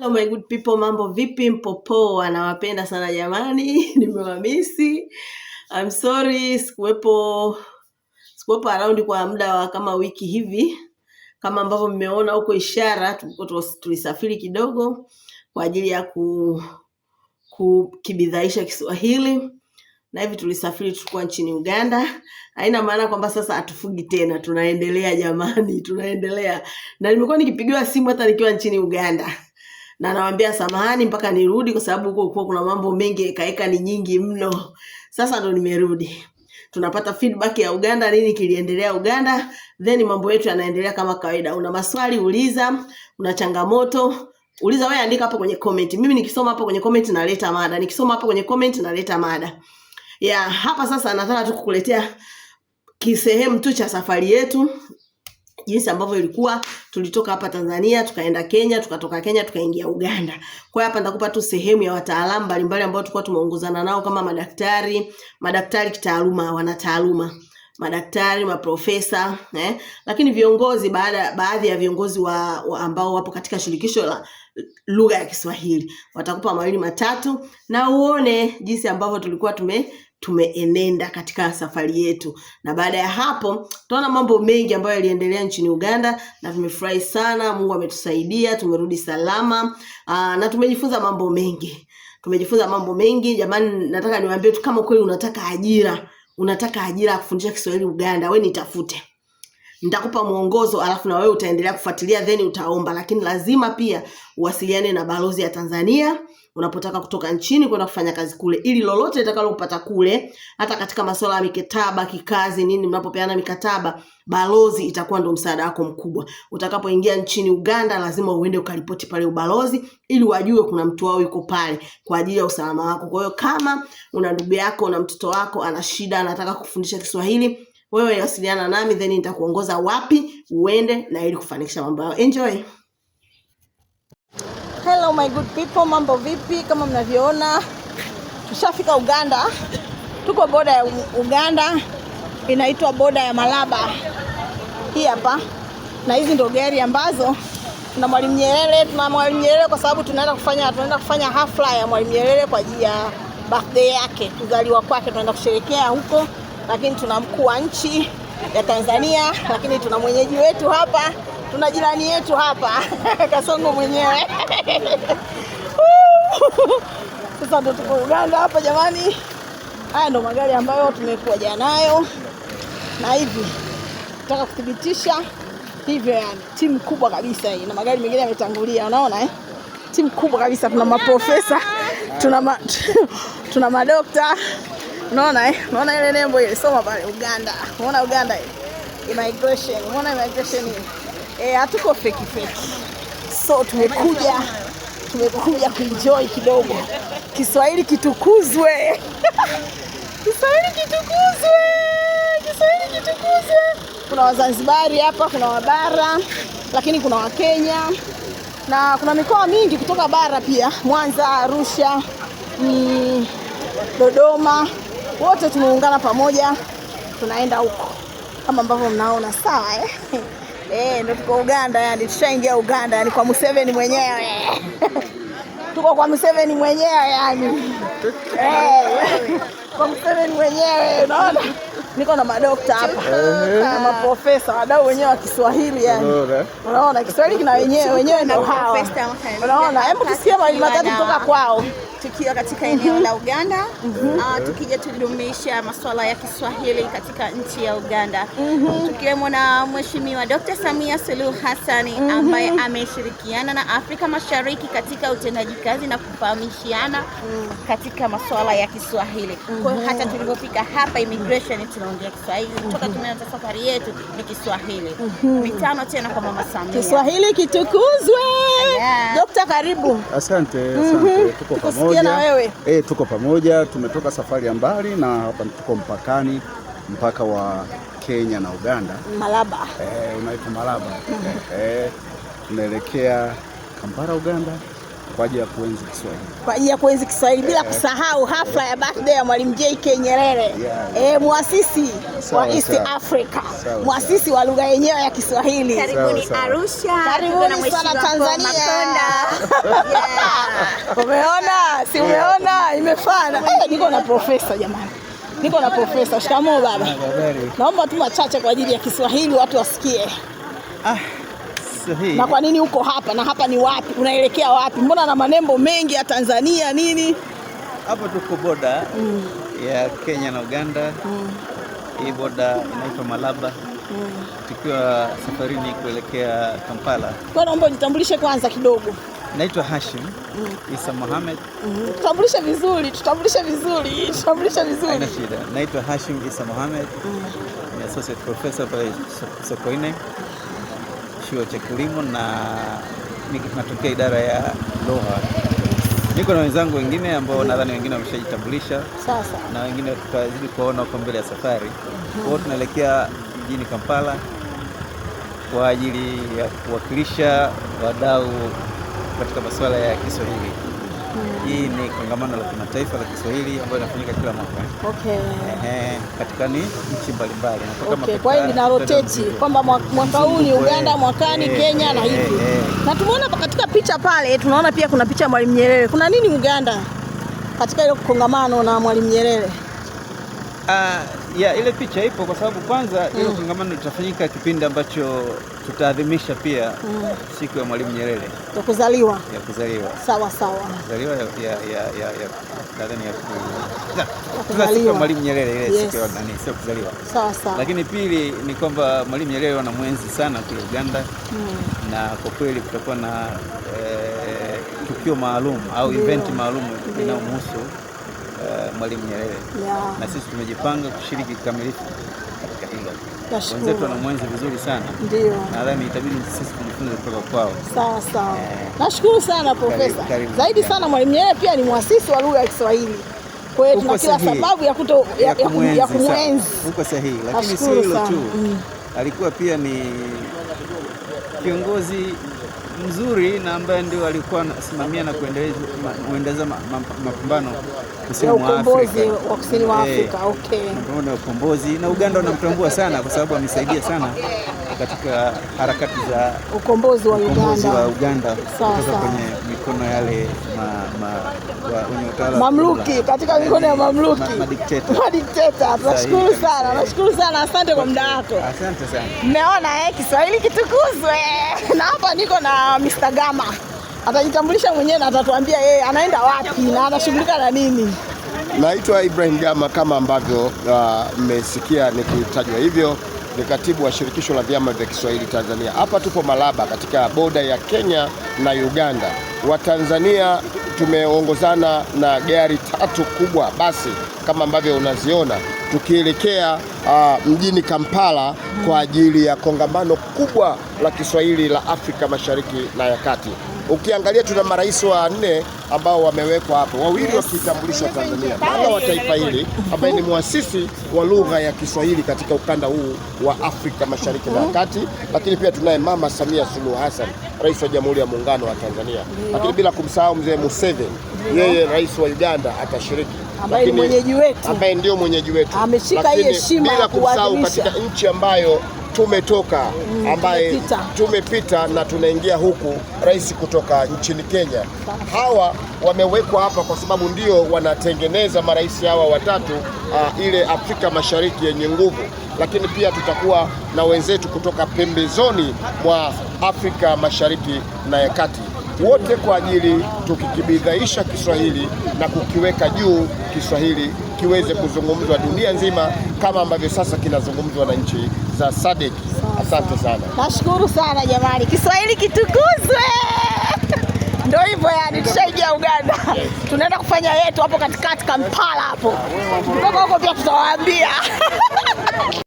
Hello my good people, mambo vipi? mpopo anawapenda sana jamani, nimewamisi. I'm sorry sikuwepo, sikuwepo around kwa muda wa kama wiki hivi, kama ambavyo mmeona huko ishara, tulisafiri kidogo kwa ajili ya ku kukibidhaisha Kiswahili na hivi tulisafiri, tulikuwa nchini Uganda. Haina maana kwamba sasa hatufugi tena, tunaendelea jamani, tunaendelea. Na nimekuwa nikipigiwa simu hata nikiwa nchini Uganda na nawaambia samahani mpaka nirudi, kwa sababu huko kulikuwa kuna mambo mengi, ekaeka ni nyingi mno. Sasa ndo nimerudi, tunapata feedback ya Uganda, nini kiliendelea Uganda, then mambo yetu yanaendelea kama kawaida. Una maswali uliza, una changamoto uliza, wewe andika hapo kwenye comment. Mimi nikisoma hapo kwenye comment naleta mada, nikisoma hapo kwenye comment naleta mada ya yeah. hapa. Sasa nataka tu kukuletea kisehemu tu cha safari yetu jinsi ambavyo ilikuwa tulitoka hapa Tanzania tukaenda Kenya tukatoka Kenya tukaingia Uganda. Kwa hiyo hapa nitakupa tu sehemu ya wataalamu mbalimbali ambao tulikuwa tumeongozana nao kama madaktari, madaktari kitaaluma, wanataaluma madaktari maprofesa eh? Lakini viongozi baada baadhi ya viongozi wa, wa ambao wapo katika shirikisho la lugha ya Kiswahili watakupa mawili matatu na uone jinsi ambavyo tulikuwa tume tumeenenda katika safari yetu, na baada ya hapo tunaona mambo mengi ambayo yaliendelea nchini Uganda na tumefurahi sana. Mungu ametusaidia, tumerudi salama aa, ah, na tumejifunza mambo mengi, tumejifunza mambo mengi jamani. Nataka niwaambie tu, kama kweli unataka ajira, unataka ajira ya kufundisha Kiswahili Uganda, we nitafute nitakupa mwongozo alafu na wewe utaendelea kufuatilia then utaomba, lakini lazima pia uwasiliane na balozi ya Tanzania unapotaka kutoka nchini kwenda kufanya kazi kule, ili lolote litakalo kupata kule, hata katika masuala ya mikataba kikazi nini, mnapopeana mikataba, balozi itakuwa ndio msaada wako mkubwa. Utakapoingia nchini Uganda, lazima uende ukaripoti pale ubalozi, ili wajue kuna mtu wao yuko pale kwa ajili ya usalama wako. Kwa hiyo kama una ndugu yako na mtoto wako ana shida, anataka kufundisha Kiswahili wewe wasiliana nami then nitakuongoza wapi uende na ili kufanikisha mambo yao. Enjoy. Hello my good people, mambo vipi? Kama mnavyoona tushafika Uganda, tuko boda ya Uganda, inaitwa boda ya Malaba. Hii hapa, na hizi ndio gari ambazo tuna Mwalimu Nyerere, tuna Mwalimu Nyerere kwa sababu tunaenda kufanya tunaenda kufanya hafla ya Mwalimu Nyerere kwa ajili ya birthday yake, kuzaliwa kwake, tunaenda kusherekea huko lakini tuna mkuu wa nchi ya Tanzania, lakini tuna mwenyeji wetu hapa, tuna jirani yetu hapa Kasongo mwenyewe sasa ndo tuko Uganda hapa jamani. Haya ndo magari ambayo tumekuja nayo, na hivi nataka kuthibitisha hivyo, yani timu kubwa kabisa hii, na magari mengine yametangulia, unaona eh? Timu kubwa kabisa, tuna maprofesa, tuna ma, tuna madokta Unaona eh? Unaona ile nembo ile soma pale Uganda. Unaona Uganda ile. Immigration. Unaona immigration hii. Eh, hatuko fake fake. So tumekuja tumekuja kuenjoy kidogo. Kiswahili kitukuzwe. Kiswahili kitukuzwe. Kiswahili kitukuzwe. Kuna Wazanzibari hapa, kuna Wabara, lakini kuna Wakenya na kuna mikoa mingi kutoka bara pia, Mwanza, Arusha, mm, Dodoma wote tumeungana pamoja, tunaenda huko kama ambavyo mnaona, sawa eh? Eh, ndo tuko Uganda, yani tushaingia Uganda, yani kwa Museveni mwenyewe tuko kwa Museveni mwenyewe yani, eh, kwa Museveni mwenyewe unaona niko na madokta hapa na maprofesa, wadau wenyewe wa Kiswahili, yani unaona eh? Kiswahili kina wenyewe wenyewe na hawa, unaona, hebu tusikie mawili matatu kutoka kwao tukiwa katika eneo la Uganda. Uh, tukija tudumisha masuala ya Kiswahili katika nchi ya Uganda. Mhm. tukiwemo na Mheshimiwa Dr. Samia Suluhu Hassan mhm. ambaye ameshirikiana na Afrika Mashariki katika utendaji kazi na kufahamishiana katika masuala ya Kiswahili. Kwa hiyo hata tulipofika hapa immigration tuna tunaongea Kiswahili toka tumeanza safari yetu ni Kiswahili. Mhm. Mitano tena kwa Mama Samia, Kiswahili kitukuzwe. Dokta, karibu. Asante, mhm. asante. Tuko pamoja na wewe eh, tuko pamoja. Tumetoka safari ya mbali na hapa tuko mpakani, mpaka wa Kenya na Uganda, Malaba eh, unaitwa Malaba, Eh, eh tunaelekea Kampala, Uganda kwa ajili ya kuenzi Kiswahili, kwa ajili ya kuenzi Kiswahili bila yeah, kusahau hafla ya birthday ya Mwalimu JK Nyerere yeah, yeah. E, eh, muasisi sawa, wa East sawa, Africa sawa, muasisi sawa, wa lugha yenyewe ya Kiswahili. Karibuni Arusha, karibuni sana Tanzania. yeah. Umeona, si umeona, imefana. Eh, niko na profesa jamani niko na profesa. Shikamoo baba. Naomba tu machache kwa ajili ya Kiswahili watu wasikie ah hii. Na kwa nini uko hapa na hapa ni wapi? Unaelekea wapi? Mbona na manembo mengi ya Tanzania nini? Hapa tuko boda mm. ya Kenya na Uganda mm. Hii boda inaitwa Malaba mm. Tukiwa safarini kuelekea Kampala. Kwa naomba ujitambulishe kwanza kidogo. Naitwa Hashim mm. Isa Mohamed mm. Tutambulishe vizuri, tutambulishe vizuri, tutambulishe vizuri. Haina shida. Naitwa Hashim Isa Mohamed mm. Ni associate professor pale Sokoine chuo cha kilimo na niko idara ya lugha. Niko na wenzangu wengine ambao nadhani wengine wameshajitambulisha sasa, na wengine tutazidi kuona huko mbele ya safari. Kwa hiyo tunaelekea mjini Kampala kwa ajili ya kuwakilisha wadau katika masuala ya Kiswahili. Hii ni kongamano la kimataifa la Kiswahili ambayo inafanyika kila mwaka. Okay. Eh, katika ni nchi mbalimbali. Okay. Kwa hiyo ina rotate kwamba mwaka huu ni Uganda, mwakani eh, Kenya eh, na hivi eh, eh. Na tumeona katika picha pale tunaona pia kuna picha ya Mwalimu Nyerere. Kuna nini Uganda katika ile kongamano na Mwalimu Nyerere? Ah, ya ile picha ipo kwa sababu kwanza mm. Ile kongamano litafanyika kipindi ambacho tutaadhimisha pia mm. siku ya Mwalimu Nyerere ya kuzaliwa ya kuzaliwa sawa sawa kuzaliwa ya ya ya ya nadhani ya kuzaliwa Mwalimu Nyerere ile yes. siku ya nani sio kuzaliwa sawa sawa, lakini pili ni kwamba Mwalimu Nyerere mwenzi sana kule Uganda mm. na kwa kweli kutakuwa na eh, tukio maalum au event maalum inayomhusu Eh, Mwalimu Nyerere Na sisi tumejipanga kushiriki kikamilifu katika hilo. Wenzetu mwenzi vizuri sana, ndio nadhani itabidi sisi tujifunze kutoka kwao. Sawa sawa, eh. nashukuru sana Profesa. Zaidi sana Mwalimu Nyerere pia ni mwasisi wa lugha ya Kiswahili. Kwa hiyo tuna kila sababu ya kuto ya, kumwenzi. Uko sahihi, lakini si hilo tu mm. Alikuwa pia ni kiongozi mzuri na ambaye ndio alikuwa anasimamia na kuendeleza mapambano kusini mwa Afrika, mapambano ya eh, ukombozi na Uganda wanamtambua sana kwa sababu amesaidia sana katika harakati za ukombozi wa Uganda kutoka kwenye mikono yale ma, ma, mamluki katika mikono ya mamluki madikteta. Tunashukuru sana, nashukuru sana, asante kwa muda wako, asante sana. Mmeona eh, Kiswahili kitukuzwe. Na hapa niko na Mr. Gama, atajitambulisha mwenyewe na atatuambia yeye anaenda wapi na anashughulika na nini. Naitwa Ibrahim Gama, kama ambavyo uh, mmesikia uh, nikitajwa hivyo ni katibu wa shirikisho la vyama vya Kiswahili Tanzania. Hapa tupo Malaba katika boda ya Kenya na Uganda. Watanzania tumeongozana na gari tatu kubwa basi kama ambavyo unaziona tukielekea uh, mjini Kampala kwa ajili ya kongamano kubwa la Kiswahili la Afrika Mashariki na ya Kati. Ukiangalia tuna marais nne ambao wamewekwa hapo, wawili wakiitambulisha Tanzania, baba wa taifa hili ambaye ni mwasisi wa lugha ya Kiswahili katika ukanda huu wa Afrika Mashariki na Kati, lakini pia tunaye Mama Samia Suluhu Hassan, rais wa Jamhuri ya Muungano wa Tanzania, lakini bila kumsahau Mzee Museveni, yeye rais wa Uganda atashiriki ambaye ni mwenyeji wetu, ambaye ndio mwenyeji wetu, ameshika heshima bila kumsahau katika nchi ambayo tumetoka mm, ambaye tumepita na tunaingia huku, rais kutoka nchini Kenya. Hawa wamewekwa hapa kwa sababu ndio wanatengeneza marais hawa watatu, a, uh, ile Afrika Mashariki yenye nguvu, lakini pia tutakuwa na wenzetu kutoka pembezoni mwa Afrika Mashariki na ya Kati wote kwa ajili tukikibidhaisha Kiswahili na kukiweka juu, Kiswahili kiweze kuzungumzwa dunia nzima kama ambavyo sasa kinazungumzwa na nchi za SADC. Asante sana, nashukuru sana jamani, Kiswahili kitukuzwe. Ndio hivyo yani, tushaingia Uganda, tunaenda kufanya yetu hapo katikati Kampala hapo, mpaka huko pia tutawaambia.